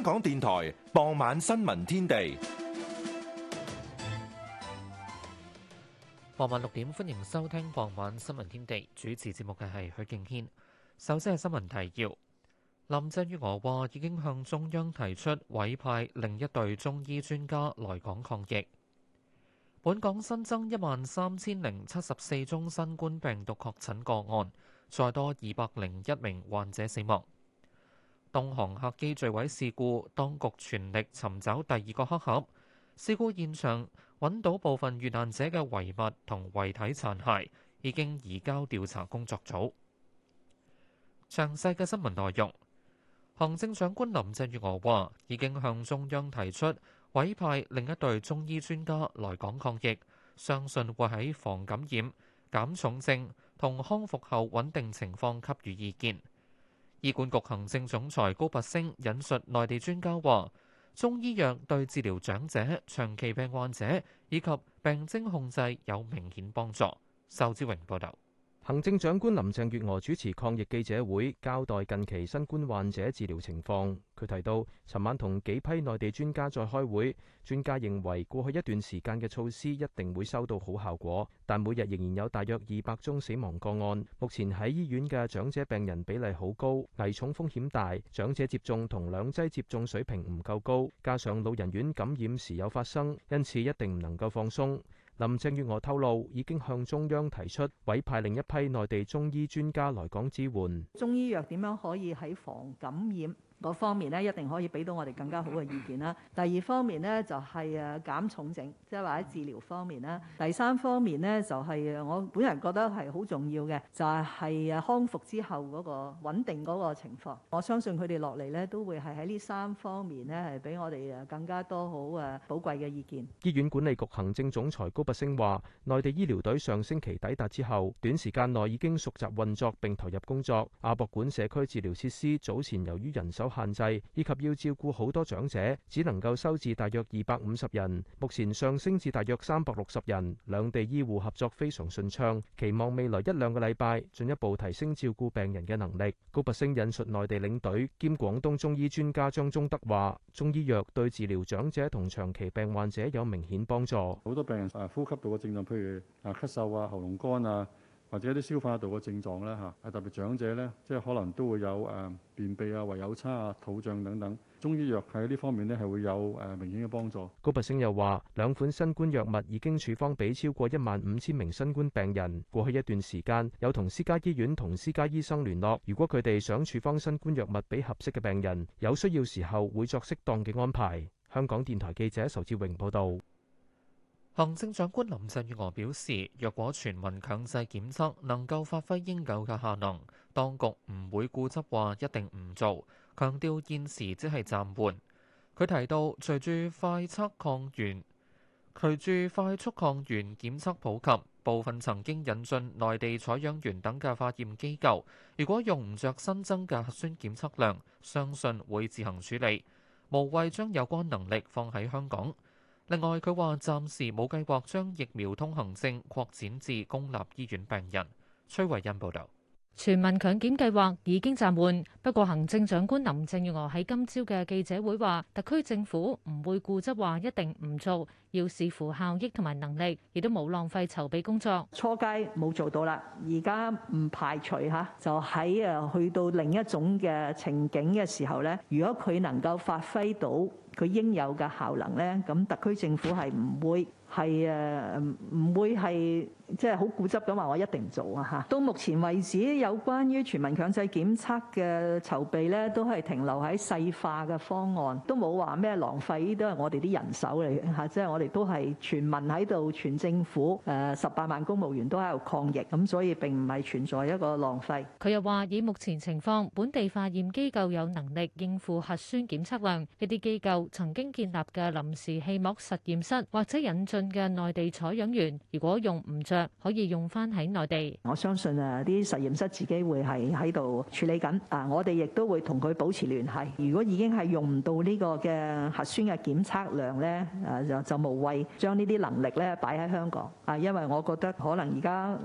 香港電台傍晚新聞天地。傍晚六點，歡迎收聽傍晚新聞天地。主持節目嘅係許敬軒。首先係新聞提要。林鄭月娥話已經向中央提出委派另一隊中醫專家來港抗疫。本港新增一萬三千零七十四宗新冠病毒確診個案，再多二百零一名患者死亡。東航客機墜毀事故，當局全力尋找第二個黑盒。事故現場揾到部分遇難者嘅遺物同遺體殘骸，已經移交調查工作組。詳細嘅新聞內容，行政長官林鄭月娥話，已經向中央提出委派另一隊中醫專家來港抗疫，相信會喺防感染、減重症同康復後穩定情況給予意見。醫管局行政總裁高拔升引述內地專家話，中醫藥對治療長者、長期病患者以及病徵控制有明顯幫助。仇志榮報道。行政長官林鄭月娥主持抗疫記者會，交代近期新冠患者治療情況。佢提到，尋晚同幾批內地專家在開會，專家認為過去一段時間嘅措施一定會收到好效果，但每日仍然有大約二百宗死亡個案。目前喺醫院嘅長者病人比例好高，危重風險大，長者接種同兩劑接種水平唔夠高，加上老人院感染時有發生，因此一定唔能夠放鬆。林鄭月娥透露，已經向中央提出委派另一批內地中醫專家來港支援。中醫藥點樣可以喺防感染嗰方面咧，一定可以俾到我哋更加好嘅意見啦。第二方面咧，就係誒減重症，即係或者治療方面啦。第三方面咧，就係我本人覺得係好重要嘅，就係係誒康復之後嗰個穩定嗰個情況。我相信佢哋落嚟咧，都會係喺呢三方面咧，係俾我哋誒更加多好誒寶貴嘅意見。醫院管理局行政總裁高拔昇話，內地醫療隊上星期抵達之後，短時間內已經熟習運作並投入工作。亞博館社區治療設施早前由於人手限制以及要照顧好多長者，只能夠收治大約二百五十人，目前上升至大約三百六十人。兩地醫護合作非常順暢，期望未來一兩個禮拜進一步提升照顧病人嘅能力。高拔升引述內地領隊兼廣東中醫專家張忠德話，中醫藥對治療長者同長期病患者有明顯幫助。好多病人呼吸道嘅症狀，譬如咳嗽啊，喉嚨乾啊。或者啲消化道嘅症狀啦，嚇，特別長者咧，即係可能都會有誒便秘啊、胃有差啊、肚脹等等。中醫藥喺呢方面咧係會有誒明顯嘅幫助。高拔昇又話：兩款新冠藥物已經處方俾超過一萬五千名新冠病人。過去一段時間，有同私家醫院同私家醫生聯絡，如果佢哋想處方新冠藥物俾合適嘅病人，有需要時候會作適當嘅安排。香港電台記者仇志榮報道。行政長官林鄭月娥表示，若果全民強制檢測能夠發揮應有嘅效能，當局唔會固執話一定唔做，強調現時即係暫緩。佢提到，隨住快測抗原，隨住快速抗原檢測普及，部分曾經引進內地採樣員等嘅化驗機構，如果用唔着新增嘅核酸檢測量，相信會自行處理，無謂將有關能力放喺香港。另外，佢話暫時冇計劃將疫苗通行證擴展至公立醫院病人。崔慧欣報導。全民強檢計劃已經暫緩，不過行政長官林鄭月娥喺今朝嘅記者會話，特區政府唔會固執話一定唔做，要視乎效益同埋能力，亦都冇浪費籌備工作。初階冇做到啦，而家唔排除吓，就喺啊去到另一種嘅情景嘅時候咧，如果佢能夠發揮到。佢應有嘅效能咧，咁特區政府係唔會係誒，唔會係。即係好固執咁話，我一定做啊！吓，到目前為止，有關於全民強制檢測嘅籌備咧，都係停留喺細化嘅方案，都冇話咩浪費，都係我哋啲人手嚟嘅吓，即係我哋都係全民喺度，全政府誒十八萬公務員都喺度抗疫，咁所以並唔係存在一個浪費，佢又話以目前情況，本地化驗機構有能力應付核酸檢測量，一啲機構曾經建立嘅臨時氣膜實驗室，或者引進嘅內地採樣員，如果用唔著，可以用翻喺內地，我相信啊，啲實驗室自己會係喺度處理緊。啊，我哋亦都會同佢保持聯繫。如果已經係用唔到呢個嘅核酸嘅檢測量咧，啊就就無謂將呢啲能力咧擺喺香港。啊，因為我覺得可能而家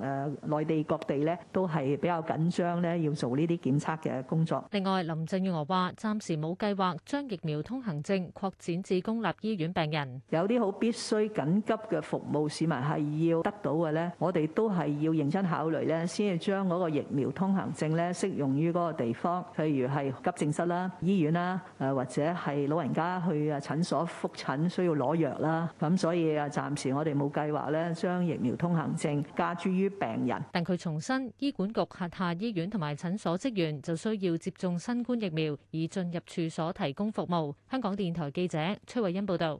誒內地各地咧都係比較緊張咧，要做呢啲檢測嘅工作。另外，林鄭月娥話：暫時冇計劃將疫苗通行證擴展至公立醫院病人。有啲好必須緊急嘅服務，市民係要得到嘅咧。我哋都係要認真考慮咧，先至將嗰個疫苗通行證咧適用於嗰個地方，譬如係急症室啦、醫院啦，誒或者係老人家去啊診所覆診需要攞藥啦。咁所以啊，暫時我哋冇計劃咧將疫苗通行證加諸於病人。但佢重申，醫管局轄下醫院同埋診所職員就需要接種新冠疫苗，以進入處所提供服務。香港電台記者崔慧欣報道。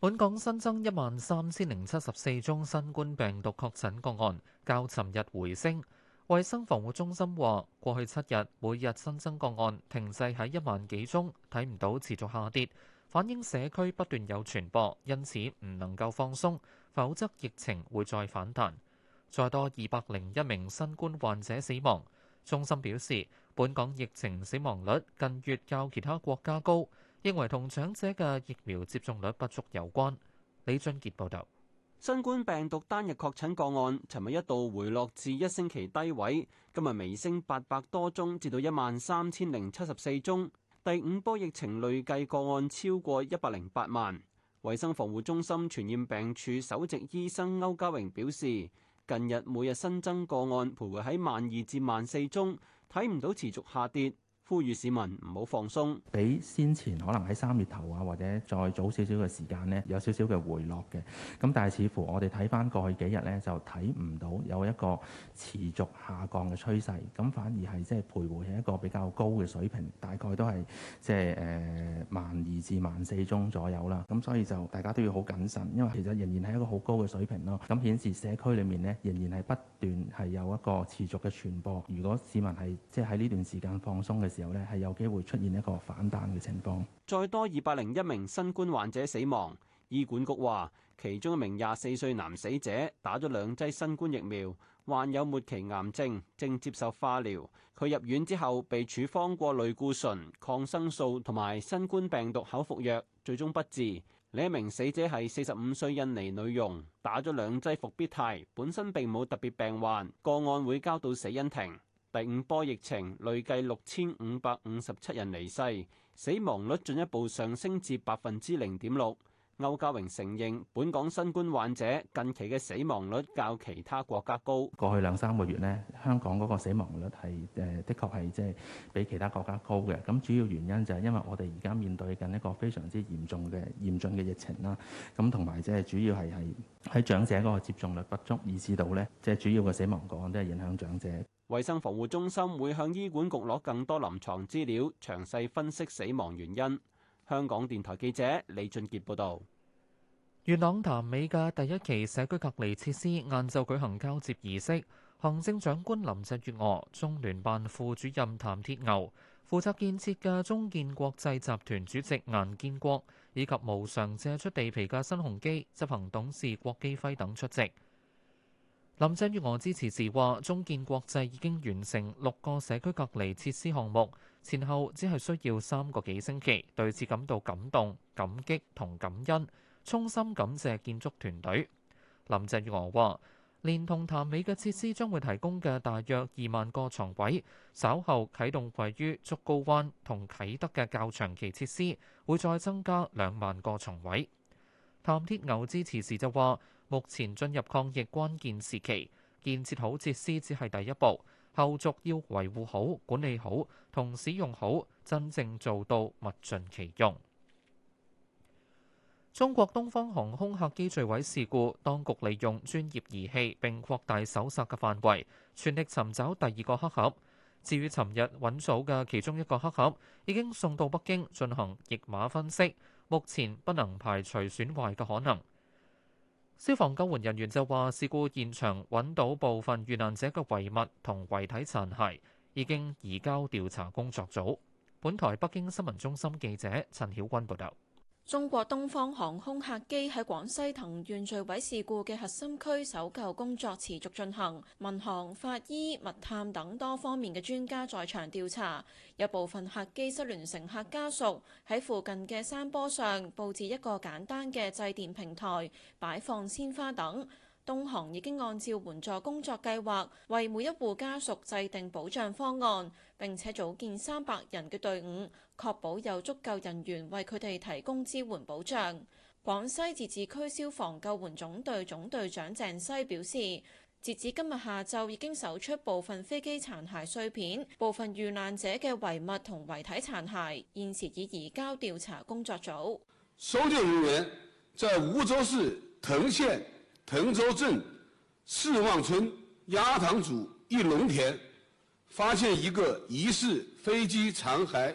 本港新增一萬三千零七十四宗新冠病毒確診個案，較尋日回升。衛生防護中心話，過去七日每日新增個案停滯喺一萬幾宗，睇唔到持續下跌，反映社區不斷有傳播，因此唔能夠放鬆，否則疫情會再反彈。再多二百零一名新冠患者死亡。中心表示，本港疫情死亡率近月較其他國家高。認為同長者嘅疫苗接種率不足有關。李俊杰報道。新冠病毒單日確診個案，尋日一度回落至一星期低位，今日微升八百多宗，至到一萬三千零七十四宗。第五波疫情累計個案超過一百零八萬。衛生防護中心傳染病處首席醫生歐家榮表示，近日每日新增個案徘徊喺萬二至萬四宗，睇唔到持續下跌。呼籲市民唔好放鬆，比先前可能喺三月頭啊，或者再早少少嘅時間呢，有少少嘅回落嘅。咁但係似乎我哋睇返過去幾日呢，就睇唔到有一個持續下降嘅趨勢，咁反而係即係徘徊喺一個比較高嘅水平，大概都係即係誒萬二至萬四宗左右啦。咁所以就大家都要好謹慎，因為其實仍然係一個好高嘅水平咯。咁顯示社區裏面呢，仍然係不斷係有一個持續嘅傳播。如果市民係即係喺呢段時間放鬆嘅。有咧，係有機會出現一個反彈嘅情況。再多二百零一名新冠患者死亡，醫管局話，其中一名廿四歲男死者打咗兩劑新冠疫苗，患有末期癌症，正接受化療。佢入院之後被處方過類固醇、抗生素同埋新冠病毒口服藥，最終不治。另一名死者係四十五歲印尼女傭，打咗兩劑復必泰，本身並冇特別病患。個案會交到死因庭。第五波疫情累計六千五百五十七人離世，死亡率進一步上升至百分之零點六。歐家榮承認，本港新冠患者近期嘅死亡率較其他國家高。過去兩三個月呢，香港嗰個死亡率係誒的確係即係比其他國家高嘅。咁主要原因就係因為我哋而家面對緊一個非常之嚴重嘅嚴峻嘅疫情啦。咁同埋即係主要係係喺長者嗰個接種率不足以至，以致到呢即係主要嘅死亡個案都係影響長者。衛生防護中心會向醫管局攞更多臨床資料，詳細分析死亡原因。香港電台記者李俊杰報道，元朗潭尾嘅第一期社區隔離設施晏晝舉行交接儀式，行政長官林鄭月娥、中聯辦副主任譚鐵牛、負責建設嘅中建國際集團主席顏建國以及無償借出地皮嘅新鴻基執行董事郭基輝等出席。林鄭月娥支持時話：中建國際已經完成六個社區隔離設施項目，前後只係需要三個幾星期，對此感到感動、感激同感恩，衷心感謝建築團隊。林鄭月娥話：連同潭尾嘅設施，將會提供嘅大約二萬個床位，稍後啟動位於竹篙灣同啟德嘅較長期設施，會再增加兩萬個床位。譚鐵牛支持時就話。目前進入抗疫關鍵時期，建設好設施只係第一步，後續要維護好、管理好同使用好，真正做到物盡其用。中國東方航空客機墜毀事故，當局利用專業儀器並擴大搜索嘅範圍，全力尋找第二個黑盒。至於尋日揾到嘅其中一個黑盒，已經送到北京進行譯碼分析，目前不能排除損壞嘅可能。消防救援人員就話：事故現場揾到部分遇難者嘅遺物同遺體殘骸，已經移交調查工作組。本台北京新聞中心記者陳曉君報道。中國東方航空客機喺廣西藤縣墜毀事故嘅核心區搜救工作持續進行，民航、法醫、物探等多方面嘅專家在場調查。有部分客機失聯乘客家屬喺附近嘅山坡上佈置一個簡單嘅祭奠平台，擺放鮮花等。東航已經按照援助工作計劃，為每一戶家屬制定保障方案，並且組建三百人嘅隊伍。確保有足夠人員為佢哋提供支援保障。廣西自治區消防救援總隊總隊長鄭西表示，截至今日下晝已經搜出部分飛機殘骸碎片、部分遇難者嘅遺物同遺體殘骸，現時已移交調查工作組。搜救人員在梧州市藤縣藤州鎮四望村鴨塘組一農田發現一個疑似飛機殘骸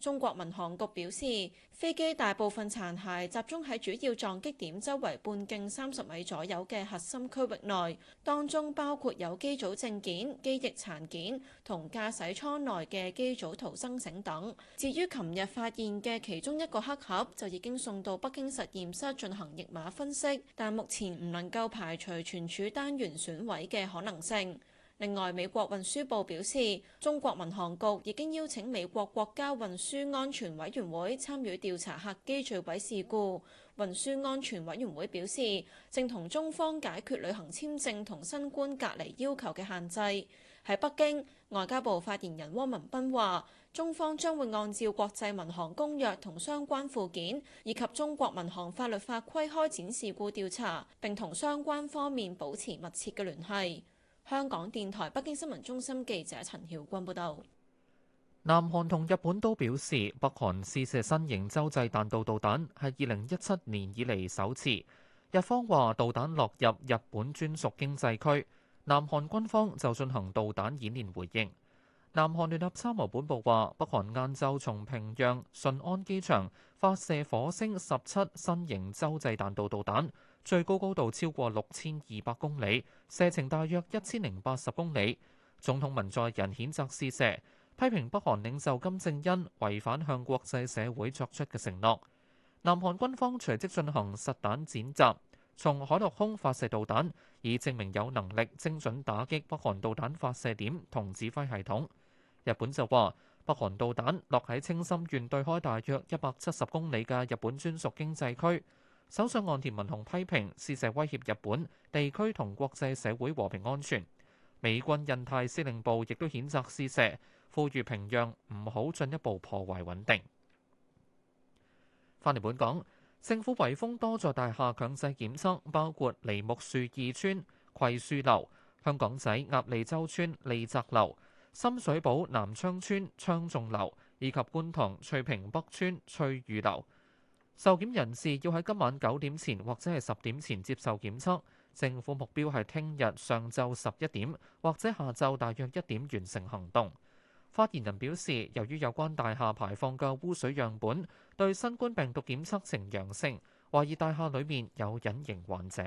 中國民航局表示，飛機大部分殘骸集中喺主要撞擊點周圍半徑三十米左右嘅核心區域內，當中包括有機組證件、機翼殘件同駕駛艙內嘅機組逃生繩等。至於琴日發現嘅其中一個黑盒，就已經送到北京實驗室進行譯碼分析，但目前唔能夠排除存儲單元損毀嘅可能性。另外，美國運輸部表示，中國民航局已經邀請美國國家運輸安全委員會參與調查客機墜毀事故。運輸安全委員會表示，正同中方解決旅行簽證同新冠隔離要求嘅限制。喺北京，外交部發言人汪文斌話，中方將會按照國際民航公約同相關附件，以及中國民航法律法規開展事故調查，並同相關方面保持密切嘅聯繫。香港電台北京新聞中心記者陳曉君報道。南韓同日本都表示，北韓試射新型洲際彈道導彈係二零一七年以嚟首次。日方話導彈落入日本專屬經濟區，南韓軍方就進行導彈演練回應。南韓聯合參謀本部話，北韓晏晝從平壤順安機場發射火星十七新型洲際彈道導彈。最高高度超過六千二百公里，射程大約一千零八十公里。總統文在寅譴責試射，批評北韓領袖金正恩違反向國際社會作出嘅承諾。南韓軍方隨即進行實彈演習，從海陸空發射導彈，以證明有能力精準打擊北韓導彈發射點同指揮系統。日本就話，北韓導彈落喺青森縣對開大約一百七十公里嘅日本專屬經濟區。首相岸田文雄批評試射威脅日本地區同國際社會和平安全，美軍印太司令部亦都譴責試射，呼籲平壤唔好進一步破壞穩定。翻嚟本港，政府圍封多座大廈強制檢測，包括梨木樹二村、葵樹樓、香港仔鴨脷洲村利澤樓、深水埗南昌村昌眾樓以及觀塘翠屏北村翠裕樓。受檢人士要喺今晚九點前或者係十點前接受檢測。政府目標係聽日上晝十一點或者下晝大約一點完成行動。發言人表示，由於有關大廈排放嘅污水樣本對新冠病毒檢測呈陽性，懷疑大廈裡面有隱形患者。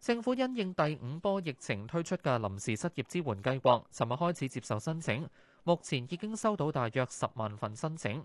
政府因應第五波疫情推出嘅臨時失業支援計劃，尋日開始接受申請，目前已經收到大約十萬份申請。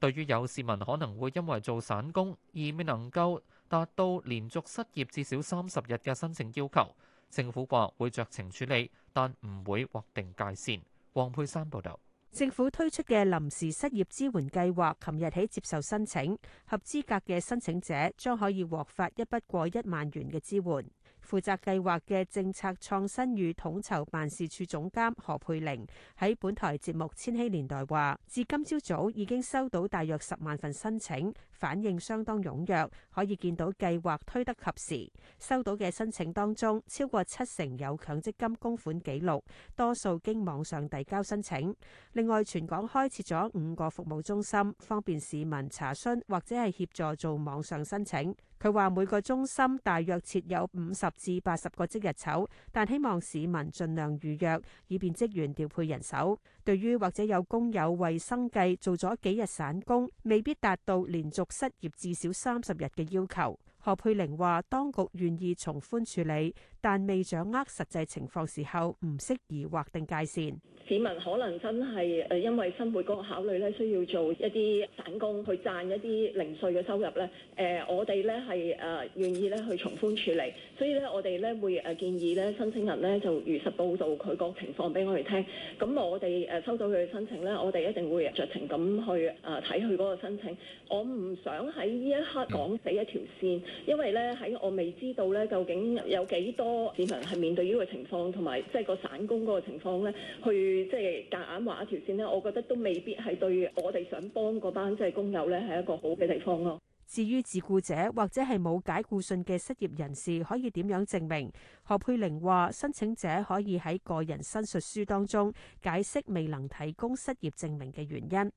對於有市民可能會因為做散工而未能夠達到連續失業至少三十日嘅申請要求，政府話會酌情處理，但唔會劃定界線。黃佩珊報導，政府推出嘅臨時失業支援計劃，琴日起接受申請，合資格嘅申請者將可以獲發一筆過一萬元嘅支援。負責計劃嘅政策創新與統籌辦事處總監何佩玲喺本台節目《千禧年代》話，至今朝早早已經收到大約十萬份申請，反應相當踴躍，可以見到計劃推得及時。收到嘅申請當中，超過七成有強積金供款紀錄，多數經網上遞交申請。另外，全港開設咗五個服務中心，方便市民查詢或者係協助做網上申請。佢話每個中心大約設有五十至八十個即日籌，但希望市民盡量預約，以便職員調配人手。對於或者有工友為生計做咗幾日散工，未必達到連續失業至少三十日嘅要求，何佩玲話當局願意從寬處理。但未掌握實際情況時候，唔適宜劃定界線。市民可能真係誒，因為生活嗰個考慮咧，需要做一啲散工去賺一啲零碎嘅收入咧。誒、呃，我哋咧係誒願意咧去從寬處理，所以咧我哋咧會誒建議咧申請人咧就如實報道佢個情況俾我哋聽。咁我哋誒收到佢嘅申請咧，我哋一定會酌情咁去誒睇佢嗰個申請。我唔想喺呢一刻講死一條線，因為咧喺我未知道咧究竟有幾多。市民係面對呢個情況，同埋即係個散工嗰個情況咧，去即係夾硬畫一條線咧，我覺得都未必係對我哋想幫嗰班即係工友咧係一個好嘅地方咯。至於自雇者或者係冇解雇信嘅失業人士，可以點樣證明？何佩玲話：申請者可以喺個人申述書當中解釋未能提供失業證明嘅原因。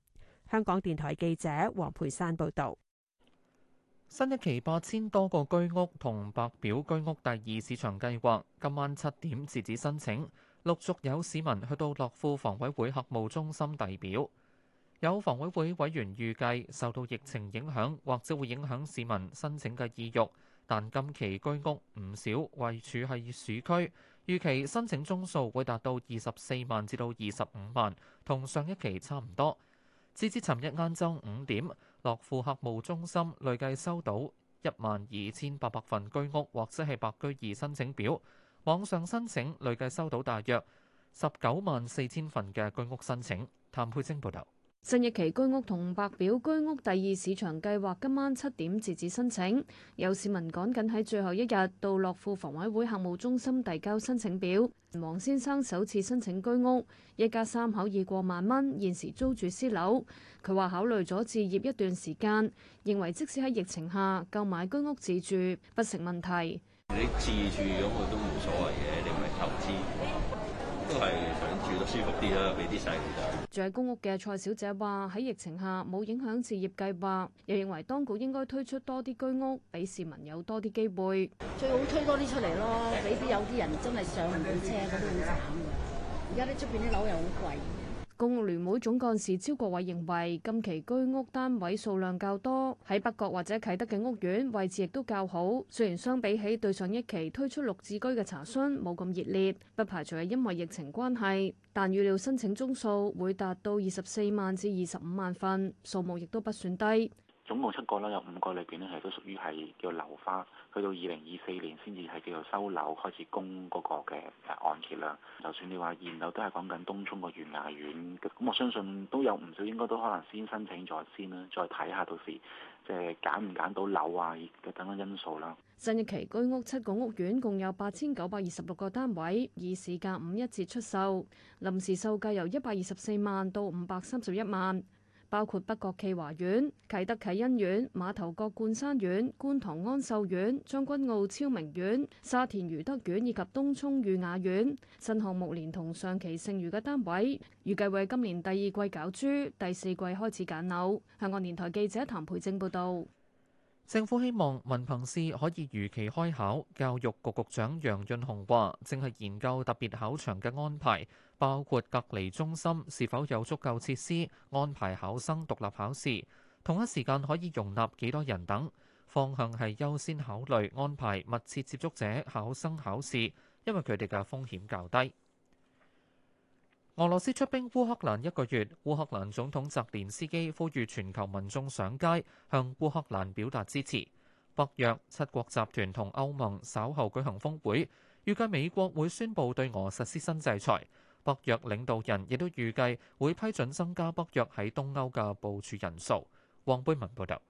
香港電台記者黃培山報導。新一期八千多個居屋同白表居屋第二市場計劃今晚七點截止申請陸續有市民去到樂富房委會客務中心遞表。有房委會委員預計受到疫情影響或者會影響市民申請嘅意欲，但今期居屋唔少位處係市區預期申請宗數會達到二十四萬至到二十五萬同上一期差唔多。截至尋日晏晝五點。樂富客務中心累計收到一萬二千八百份居屋，或者係白居二申請表；網上申請累計收到大約十九萬四千份嘅居屋申請。譚佩晶報導。新日期居屋同白表居屋第二市場計劃今晚七點截止申請，有市民趕緊喺最後一日到樂富房委會客務中心遞交申請表。黃先生首次申請居屋，一家三口，已過萬蚊，現時租住私樓。佢話考慮咗置業一段時間，認為即使喺疫情下購買居屋自住不成問題。你自住咁啊都冇所謂嘅，你咪投資。都係想住得舒服啲啦，俾啲細。住喺公屋嘅蔡小姐話：喺疫情下冇影響置業計劃，又認為當局應該推出多啲居屋，俾市民有多啲機會。最好推多啲出嚟咯，俾啲有啲人真係上唔到車嗰啲好慘㗎。而家啲出面啲樓又好貴。公屋聯會總幹事招國偉認為，近期居屋單位數量較多，喺北角或者啟德嘅屋苑位置亦都較好。雖然相比起對上一期推出六字居嘅查詢冇咁熱烈，不排除係因為疫情關係，但預料申請宗數會達到二十四萬至二十五萬份，數目亦都不算低。總共七個啦，有五個裏邊咧係都屬於係叫樓花，去到二零二四年先至係叫做收樓開始供嗰個嘅按揭啦。就算你話現樓都係講緊東涌個裕雅苑，咁我相信都有唔少，應該都可能先申請再先啦，再睇下到時即係揀唔揀到樓啊等等因素啦。新一期居屋七個屋苑共有八千九百二十六個單位，以市價五一折出售，臨時售價由一百二十四萬到五百三十一萬。包括北角驥華苑、啟德啟欣苑、馬頭角冠山苑、觀塘安秀苑、將軍澳超明苑、沙田愉德苑以及東涌裕雅苑，新項目連同上期剩餘嘅單位，預計為今年第二季攪珠，第四季開始揀樓。香港電台記者譚培正報道。政府希望文憑試可以如期開考教育局局長楊潤雄話,正係研究特別考場嘅安排,包括隔離中心是否有足夠設施,安排考生獨立考試,同一時間可以容納幾多人等,方向係優先考慮,安排密切接觸者考生考試,因為佢哋嘅風險較低。俄羅斯出兵烏克蘭一個月，烏克蘭總統澤連斯基呼籲全球民眾上街，向烏克蘭表達支持。北約七國集團同歐盟稍後舉行峰會，預計美國會宣布對俄實施新制裁。北約領導人亦都預計會批准增加北約喺東歐嘅部署人數。黃貝文報道，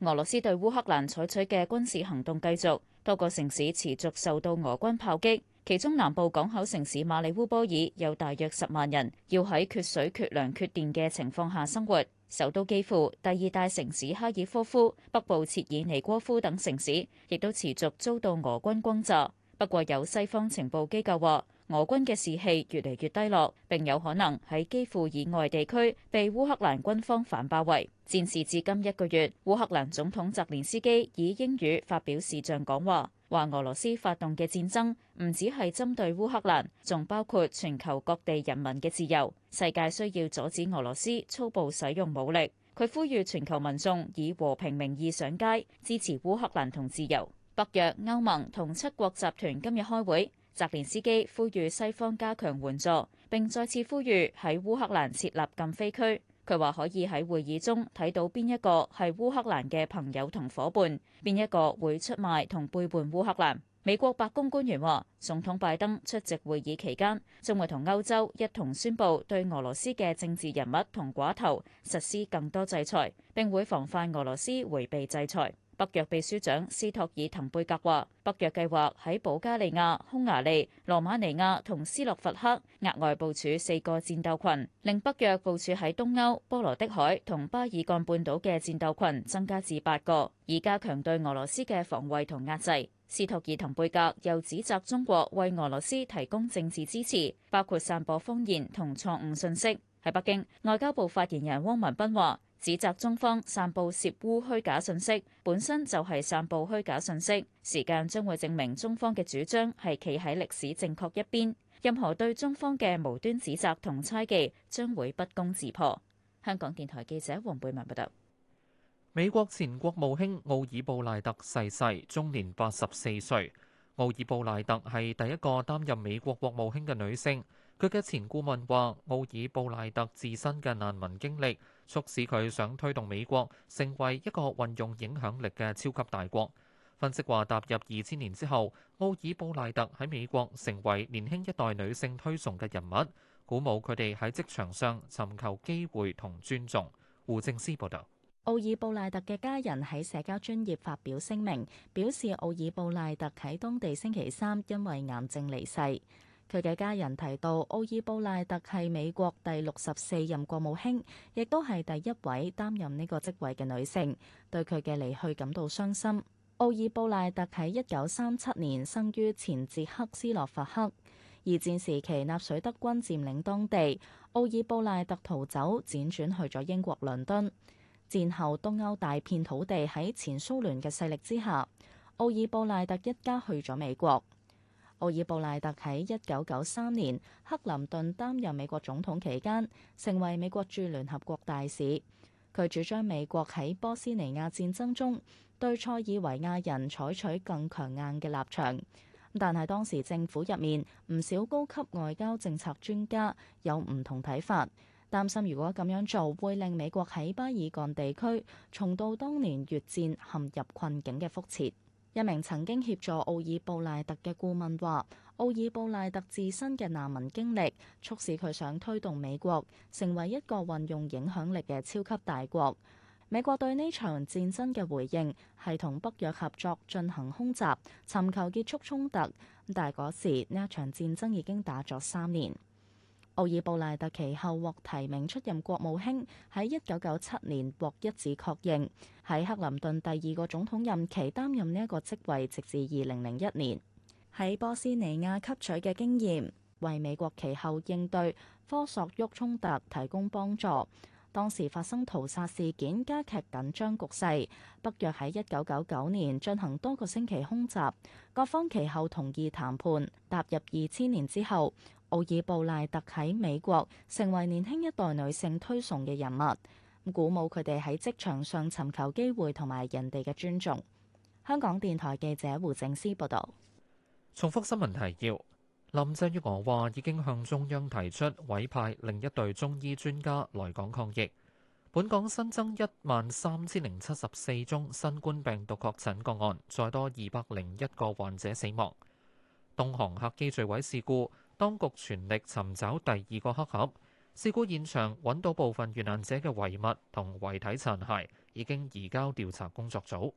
俄羅斯對烏克蘭採取嘅軍事行動繼續，多個城市持續受到俄軍炮擊。其中南部港口城市馬里烏波爾有大約十萬人要喺缺水、缺糧、缺電嘅情況下生活。首都基輔、第二大城市哈爾科夫、北部切爾尼戈夫等城市亦都持續遭到俄軍轟炸，不過有西方情報機構話，俄軍嘅士氣越嚟越低落，並有可能喺基輔以外地區被烏克蘭軍方反包圍。戰事至今一個月，烏克蘭總統澤連斯基以英語發表視像講話。話俄羅斯發動嘅戰爭唔只係針對烏克蘭，仲包括全球各地人民嘅自由。世界需要阻止俄羅斯粗暴使用武力。佢呼籲全球民眾以和平名義上街支持烏克蘭同自由。北約、歐盟同七國集團今日開會，澤連斯基呼籲西方加強援助，並再次呼籲喺烏克蘭設立禁飛區。佢話可以喺會議中睇到邊一個係烏克蘭嘅朋友同伙伴，邊一個會出賣同背叛烏克蘭。美國白宮官員話，總統拜登出席會議期間，將會同歐洲一同宣布對俄羅斯嘅政治人物同寡頭實施更多制裁，並會防範俄羅斯迴避制裁。北約秘書長斯托爾滕貝格話：北約計劃喺保加利亞、匈牙利、羅馬尼亞同斯洛伐克額外部署四個戰鬥群，令北約部署喺東歐、波羅的海同巴爾幹半島嘅戰鬥群增加至八個，以加強對俄羅斯嘅防衛同壓制。斯托爾滕貝格又指責中國為俄羅斯提供政治支持，包括散播謊言同錯誤信息。喺北京，外交部發言人汪文斌話。指責中方散布涉污虛假信息，本身就係散布虛假信息。時間將會證明中方嘅主張係企喺歷史正確一邊。任何對中方嘅無端指責同猜忌將會不攻自破。香港電台記者黃貝文報道。美國前國務卿奧爾布賴特逝世，終年八十四歲。奧爾布賴特係第一個擔任美國國務卿嘅女性。佢嘅前顧問話：奧爾布賴特自身嘅難民經歷，促使佢想推動美國成為一個運用影響力嘅超級大國。分析話踏入二千年之後，奧爾布賴特喺美國成為年輕一代女性推崇嘅人物，鼓舞佢哋喺職場上尋求機會同尊重。胡正思報道。奧爾布賴特嘅家人喺社交專業發表聲明，表示奧爾布賴特喺當地星期三因為癌症離世。佢嘅家人提到，奧爾布賴特係美國第六十四任國務卿，亦都係第一位擔任呢個職位嘅女性，對佢嘅離去感到傷心。奧爾布賴特喺一九三七年生於前捷克斯洛伐克，二戰時期納粹德軍佔領當地，奧爾布賴特逃走，輾轉去咗英國倫敦。戰後東歐大片土地喺前蘇聯嘅勢力之下，奧爾布賴特一家去咗美國。奧爾布賴特喺一九九三年克林頓擔任美國總統期間，成為美國駐聯合國大使。佢主張美國喺波斯尼亞戰爭中對塞爾維亞人採取更強硬嘅立場。但係當時政府入面唔少高級外交政策專家有唔同睇法，擔心如果咁樣做會令美國喺巴爾干地區重蹈當年越戰陷入困境嘅覆轍。一名曾經協助奧爾布賴特嘅顧問話：奧爾布賴特自身嘅難民經歷，促使佢想推動美國成為一個運用影響力嘅超級大國。美國對呢場戰爭嘅回應係同北約合作進行空襲，尋求結束衝突。但係嗰時，呢一場戰爭已經打咗三年。奧爾布賴特其後獲提名出任國務卿，喺一九九七年獲一致確認，喺克林頓第二個總統任期擔任呢一個職位，直至二零零一年。喺波斯尼亞吸取嘅經驗，為美國其後應對科索沃衝突提供幫助。當時發生屠殺事件，加劇緊張局勢。北約喺一九九九年進行多個星期空襲，各方其後同意談判，踏入二千年之後。奧爾布賴特喺美國成為年輕一代女性推崇嘅人物，鼓舞佢哋喺職場上尋求機會同埋人哋嘅尊重。香港電台記者胡正思報道。重複新聞提要：林鄭月娥話已經向中央提出委派另一隊中醫專家來港抗疫。本港新增一萬三千零七十四宗新冠病毒確診個案，再多二百零一個患者死亡。東航客機墜毀事故。當局全力尋找第二個黑盒。事故現場揾到部分遇難者嘅遺物同遺體殘骸，已經移交調查工作組。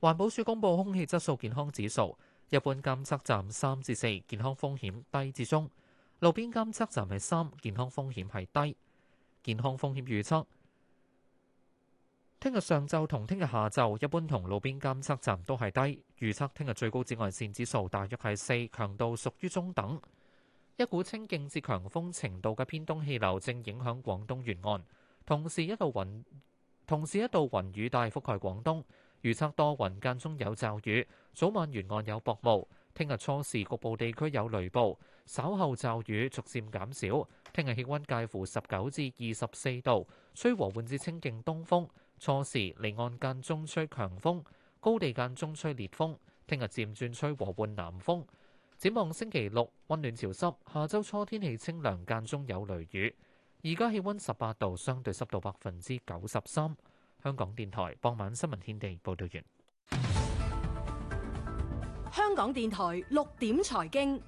環保署公布空氣質素健康指數，一般監測站三至四，健康風險低至中；路邊監測站係三，健康風險係低。健康風險預測。聽日上晝同聽日下晝，一般同路邊監測站都係低。預測聽日最高紫外線指數大約係四，強度屬於中等。一股清勁至強風程度嘅偏東氣流正影響廣東沿岸，同時一道雲同時一道雲雨帶覆蓋廣東，預測多雲間中有驟雨，早晚沿岸有薄霧。聽日初時局部地區有雷暴，稍後驟雨逐漸減少。聽日氣温介乎十九至二十四度，吹和緩至清勁東風。初時離岸間中吹強風，高地間中吹烈風。聽日漸轉吹和緩南風。展望星期六溫暖潮濕，下周初天氣清涼間中有雷雨。而家氣溫十八度，相對濕度百分之九十三。香港電台傍晚新聞天地報道完。香港電台六點財經。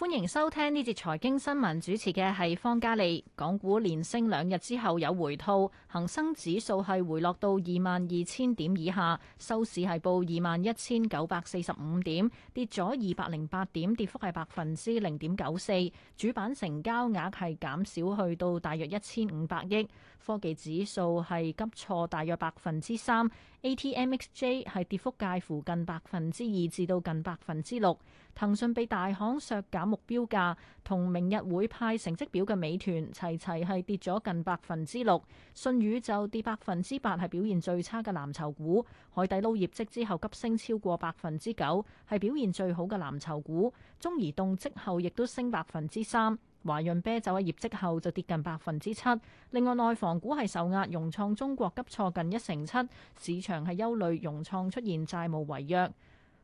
歡迎收聽呢節財經新聞，主持嘅係方嘉利。港股連升兩日之後有回吐，恒生指數係回落到二萬二千點以下，收市係報二萬一千九百四十五點，跌咗二百零八點，跌幅係百分之零點九四。主板成交額係減少去到大約一千五百億。科技指數係急挫大約百分之三，ATMXJ 係跌幅介乎近百分之二至到近百分之六。騰訊被大行削減目標價，同明日會派成績表嘅美團齊齊係跌咗近百分之六。舜宇就跌百分之八，係表現最差嘅藍籌股。海底撈業績之後急升超過百分之九，係表現最好嘅藍籌股。中移動績後亦都升百分之三。華潤啤酒喺業績後就跌近百分之七，另外內房股係受壓，融創中國急挫近一成七，市場係憂慮融創出現債務違約。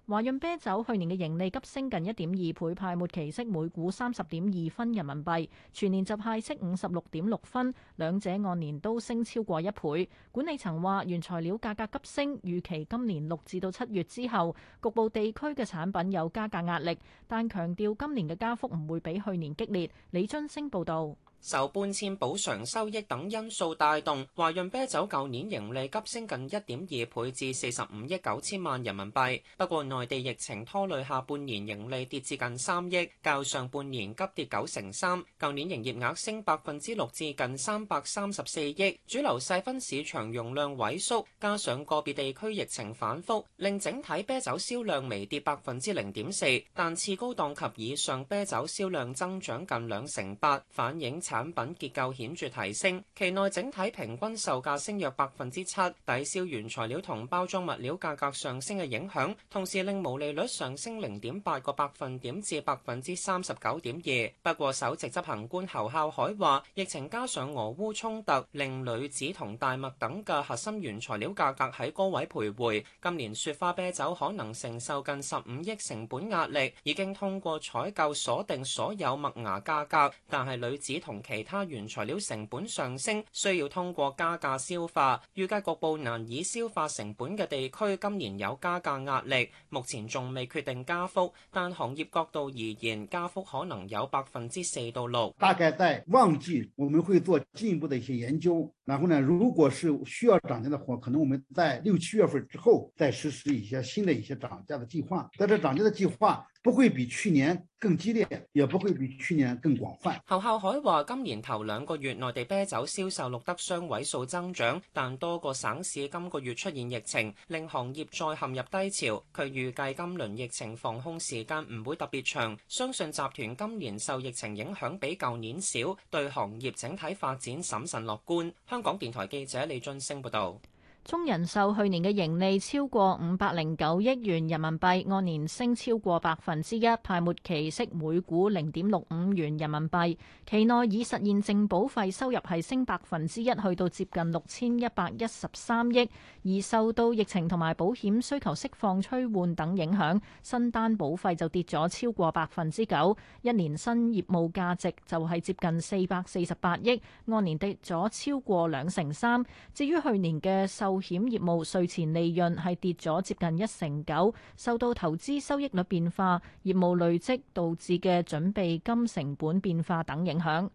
華潤啤酒去年嘅盈利急升近1.2倍，派末期息每股30.2分人民幣，全年就派息56.6分，兩者按年都升超過一倍。管理層話原材料價格急升，預期今年6至7月之後，局部地區嘅產品有加價壓力，但強調今年嘅加幅唔會比去年激烈。李津升報道。受搬遷補償收益等因素帶動，華潤啤酒舊年盈利急升近一點二倍至四十五億九千萬人民幣。不過，內地疫情拖累下半年盈利跌至近三億，較上半年急跌九成三。舊年營業額升百分之六至近三百三十四億，主流細分市場容量萎縮，加上個別地區疫情反覆，令整體啤酒銷量微跌百分之零點四，但次高檔及以上啤酒銷量增長近兩成八，反映產品結構顯著提升，期內整體平均售價升約百分之七，抵消原材料同包裝物料價格上升嘅影響，同時令毛利率上升零點八個百分點至百分之三十九點二。不過首席執行官侯孝海話，疫情加上俄烏衝突，令鋁紙同大麥等嘅核心原材料價格喺高位徘徊。今年雪花啤酒可能承受近十五億成本壓力，已經通過採購鎖定所有麥芽價格，但係鋁紙同其他原材料成本上升，需要通過加價消化。預計局部難以消化成本嘅地區，今年有加價壓力。目前仲未決定加幅，但行業角度而言，加幅可能有百分之四到六。大概在旺季，我們會做進一步的一些研究。然後呢，如果是需要漲價的話，可能我們在六七月份之後再實施一些新的一些漲價的計劃。在這漲價的計劃。不會比去年更激烈，也不會比去年更廣泛。侯孝海話：今年頭兩個月內地啤酒銷售錄得雙位數增長，但多個省市今個月出現疫情，令行業再陷入低潮。佢預計今輪疫情防控時間唔會特別長，相信集團今年受疫情影響比舊年少，對行業整體發展審慎樂觀。香港電台記者李俊升報道。中人壽去年嘅盈利超過五百零九億元人民幣，按年升超過百分之一，派末期息每股零點六五元人民幣。期內已實現淨保費收入係升百分之一，去到接近六千一百一十三億，而受到疫情同埋保險需求釋放、催換等影響，新單保費就跌咗超過百分之九，一年新業務價值就係接近四百四十八億，按年跌咗超過兩成三。至於去年嘅受。保險業務稅前利潤係跌咗接近一成九，受到投資收益率變化、業務累積導致嘅準備金成本變化等影響。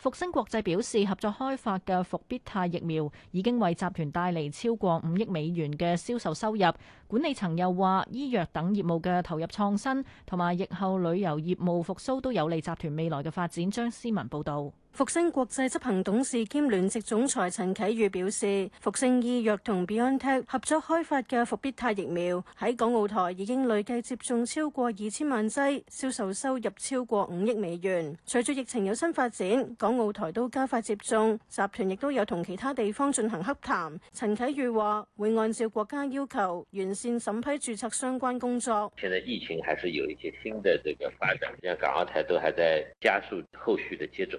復星國際表示，合作開發嘅復必泰疫苗已經為集團帶嚟超過五億美元嘅銷售收入。管理層又話，醫藥等業務嘅投入創新同埋疫後旅遊業務復甦都有利集團未來嘅發展。張思文報道。復星國際執行董事兼聯席總裁陳啟宇表示，復星醫藥同 BioNTech 合作開發嘅復必泰疫苗喺港澳台已經累計接種超過二千萬劑，銷售收入超過五億美元。隨住疫情有新發展，港澳台都加快接種，集團亦都有同其他地方進行洽談。陳啟宇話，會按照國家要求完善審批注冊相關工作。現在疫情還是有一些新的這個發展，像港澳台都還在加速後續的接種。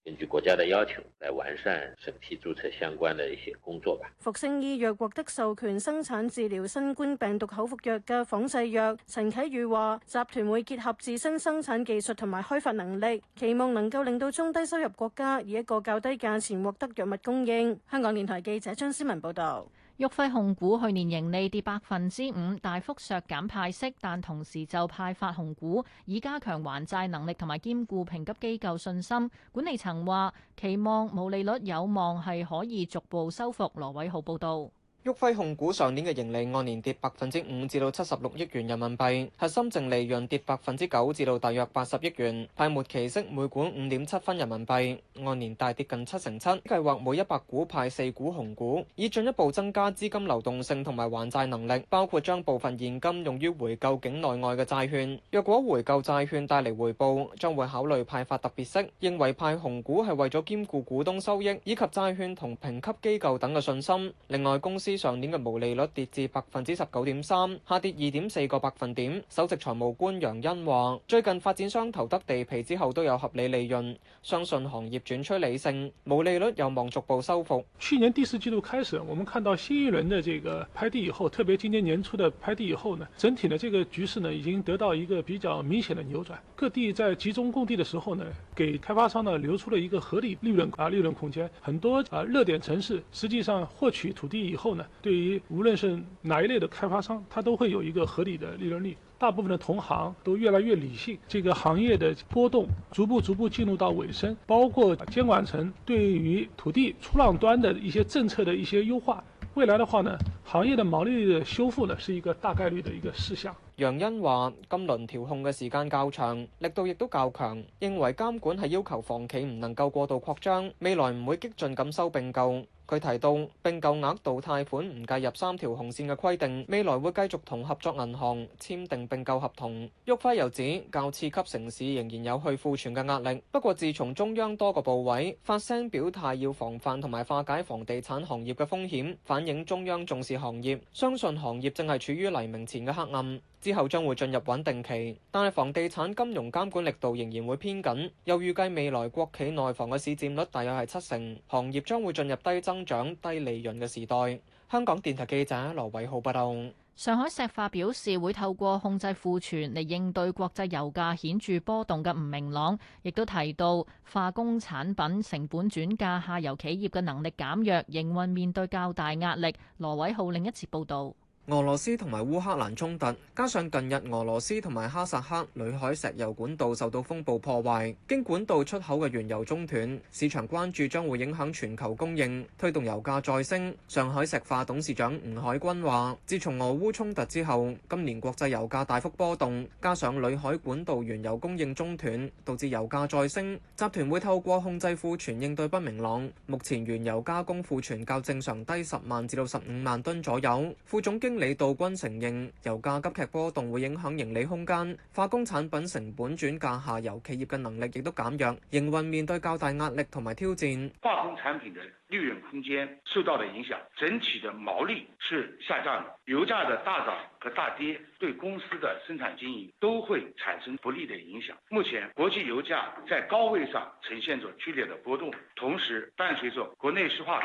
根據國家的要求，來完善審批註冊相關的一些工作吧。復星醫藥獲得授權生產治療新冠病毒口服藥嘅仿製藥。陳啟宇話，集團會結合自身生產技術同埋開發能力，期望能夠令到中低收入國家以一個較低價錢獲得藥物供應。香港電台記者張思文報道。旭輝控股去年盈利跌百分之五，大幅削減派息，但同時就派發紅股，以加強還債能力同埋兼顧評級機構信心。管理層話期望毛利率有望係可以逐步修復。羅偉浩報道。旭輝控股上年嘅盈利按年跌百分之五，至到七十六億元人民幣，核心淨利潤跌百分之九，至到大約八十億元。派末期息每股五點七分人民幣，按年大跌近七成七。計劃每一百股派四股紅股，以進一步增加資金流動性同埋還債能力，包括將部分現金用於回購境內外嘅債券。若果回購債券帶嚟回報，將會考慮派發特別息。認為派紅股係為咗兼顧股東收益以及債券同評級機構等嘅信心。另外，公司，上年嘅毛利率跌至百分之十九點三，下跌二點四個百分點。首席財務官楊恩話：最近發展商投得地皮之後都有合理利潤，相信行業轉趨理性，毛利率有望逐步收復。去年第四季度開始，我們看到新一輪的這個拍地以後，特別今年年初的拍地以後呢，整體呢這個局勢呢已經得到一個比較明顯的扭轉。各地在集中供地的時候呢，給開發商呢留出了一個合理利潤啊利潤空間。很多啊熱點城市實際上獲取土地以後呢。對於無論是哪一類的開發商，它都會有一個合理的利潤率。大部分的同行都越來越理性，這個行業的波動逐步逐步進入到尾聲。包括監管層對於土地出讓端的一些政策的一些優化，未來的話呢，行業的毛利率的修復呢，是一個大概率的一個事項。楊恩話：今輪調控嘅時間較長，力度亦都較強，認為監管係要求房企唔能夠過度擴張，未來唔會激進咁收併購。佢提到並購額度貸款唔計入三條紅線嘅規定，未來會繼續同合作銀行簽訂並購合同。旭輝又指，較次級城市仍然有去庫存嘅壓力，不過自從中央多個部委發聲表態要防範同埋化解房地產行業嘅風險，反映中央重視行業，相信行業正係處於黎明前嘅黑暗。之後將會進入穩定期，但係房地產金融監管力度仍然會偏緊。又預計未來國企內房嘅市佔率大約係七成，行業將會進入低增長、低利潤嘅時代。香港電台記者羅偉浩報道。上海石化表示會透過控制庫存嚟應對國際油價顯著波動嘅唔明朗，亦都提到化工產品成本轉嫁下游企業嘅能力減弱，營運面對較大壓力。羅偉浩另一節報道。俄羅斯同埋烏克蘭衝突，加上近日俄羅斯同埋哈薩克里海石油管道受到風暴破壞，經管道出口嘅原油中斷，市場關注將會影響全球供應，推動油價再升。上海石化董事長吳海軍話，自從俄烏衝突之後，今年國際油價大幅波動，加上里海管道原油供應中斷，導致油價再升。集團會透過控制庫存應對不明朗。目前原油加工庫存較正常低十萬至到十五萬噸左右，副總經經理杜軍承認，油價急劇波動會影響盈利空間，化工產品成本轉嫁下游企業嘅能力亦都減弱，營運面對較大壓力同埋挑戰。化工產品的利潤空間受到的影響，整體的毛利是下降的。油價的大漲和大跌對公司的生產經營都會產生不利的影響。目前國際油價在高位上呈現着劇烈的波動，同時伴隨着國內石化。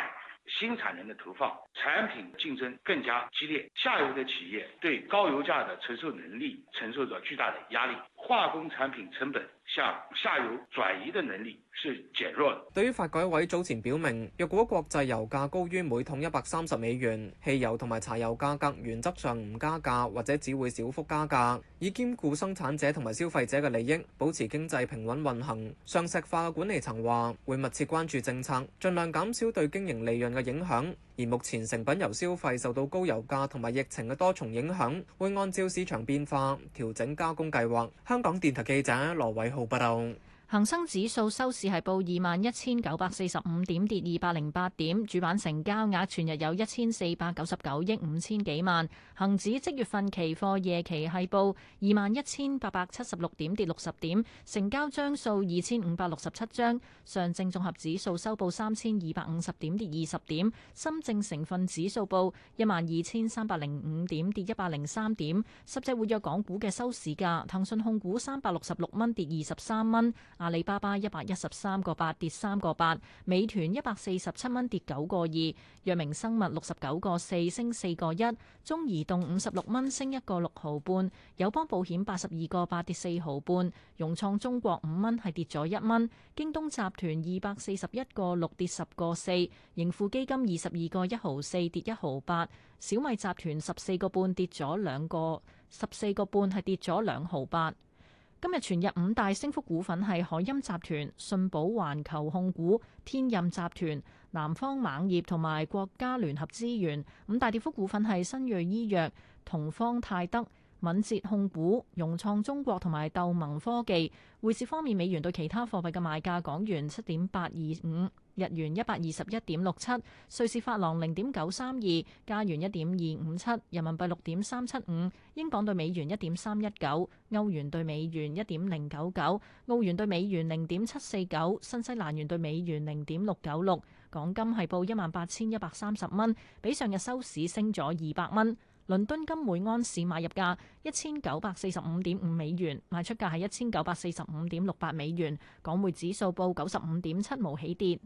新產能的投放，產品競爭更加激烈，下游的企業對高油價的承受能力承受着巨大的壓力，化工產品成本。向下游轉移的能力是減弱的。對於發改委早前表明，若果國際油價高於每桶一百三十美元，汽油同埋柴油價格原則上唔加價，或者只會小幅加價，以兼顧生產者同埋消費者嘅利益，保持經濟平穩運行。上石化管理層話會密切關注政策，盡量減少對經營利潤嘅影響。而目前成品油消費受到高油價同埋疫情嘅多重影響，會按照市場變化調整加工計劃。香港電台記者羅偉浩報道。恒生指數收市係報二萬一千九百四十五點，跌二百零八點。主板成交額全日有一千四百九十九億五千幾萬。恒指即月份期貨夜期係報二萬一千八百七十六點，跌六十點。成交張數二千五百六十七張。上證綜合指數收報三千二百五十點，跌二十點。深證成分指數報一萬二千三百零五點，跌一百零三點。十隻活躍港股嘅收市價，騰訊控股三百六十六蚊，跌二十三蚊。阿里巴巴一百一十三個八跌三個八，美團一百四十七蚊跌九個二，藥明生物六十九個四升四個一，中移動五十六蚊升一個六毫半，友邦保險八十二個八跌四毫半，融創中國五蚊係跌咗一蚊，京東集團二百四十一個六跌十個四，盈富基金二十二個一毫四跌一毫八，小米集團十四個半跌咗兩個，十四個半係跌咗兩毫八。今日全日五大升幅股份係海鑫集團、信保環球控股、天任集團、南方錳業同埋國家聯合資源。五大跌幅股份係新銳醫藥、同方泰德。敏捷控股、融創中國同埋豆盟科技。匯市方面，美元對其他貨幣嘅賣價：港元七點八二五，日元一百二十一點六七，瑞士法郎零點九三二，加元一點二五七，人民幣六點三七五，英鎊對美元一點三一九，歐元對美元一點零九九，澳元對美元零點七四九，新西蘭元對美元零點六九六。港金係報一萬八千一百三十蚊，比上日收市升咗二百蚊。倫敦金每安士買入價一千九百四十五點五美元，賣出價係一千九百四十五點六八美元。港匯指數報九十五點七，冇起跌。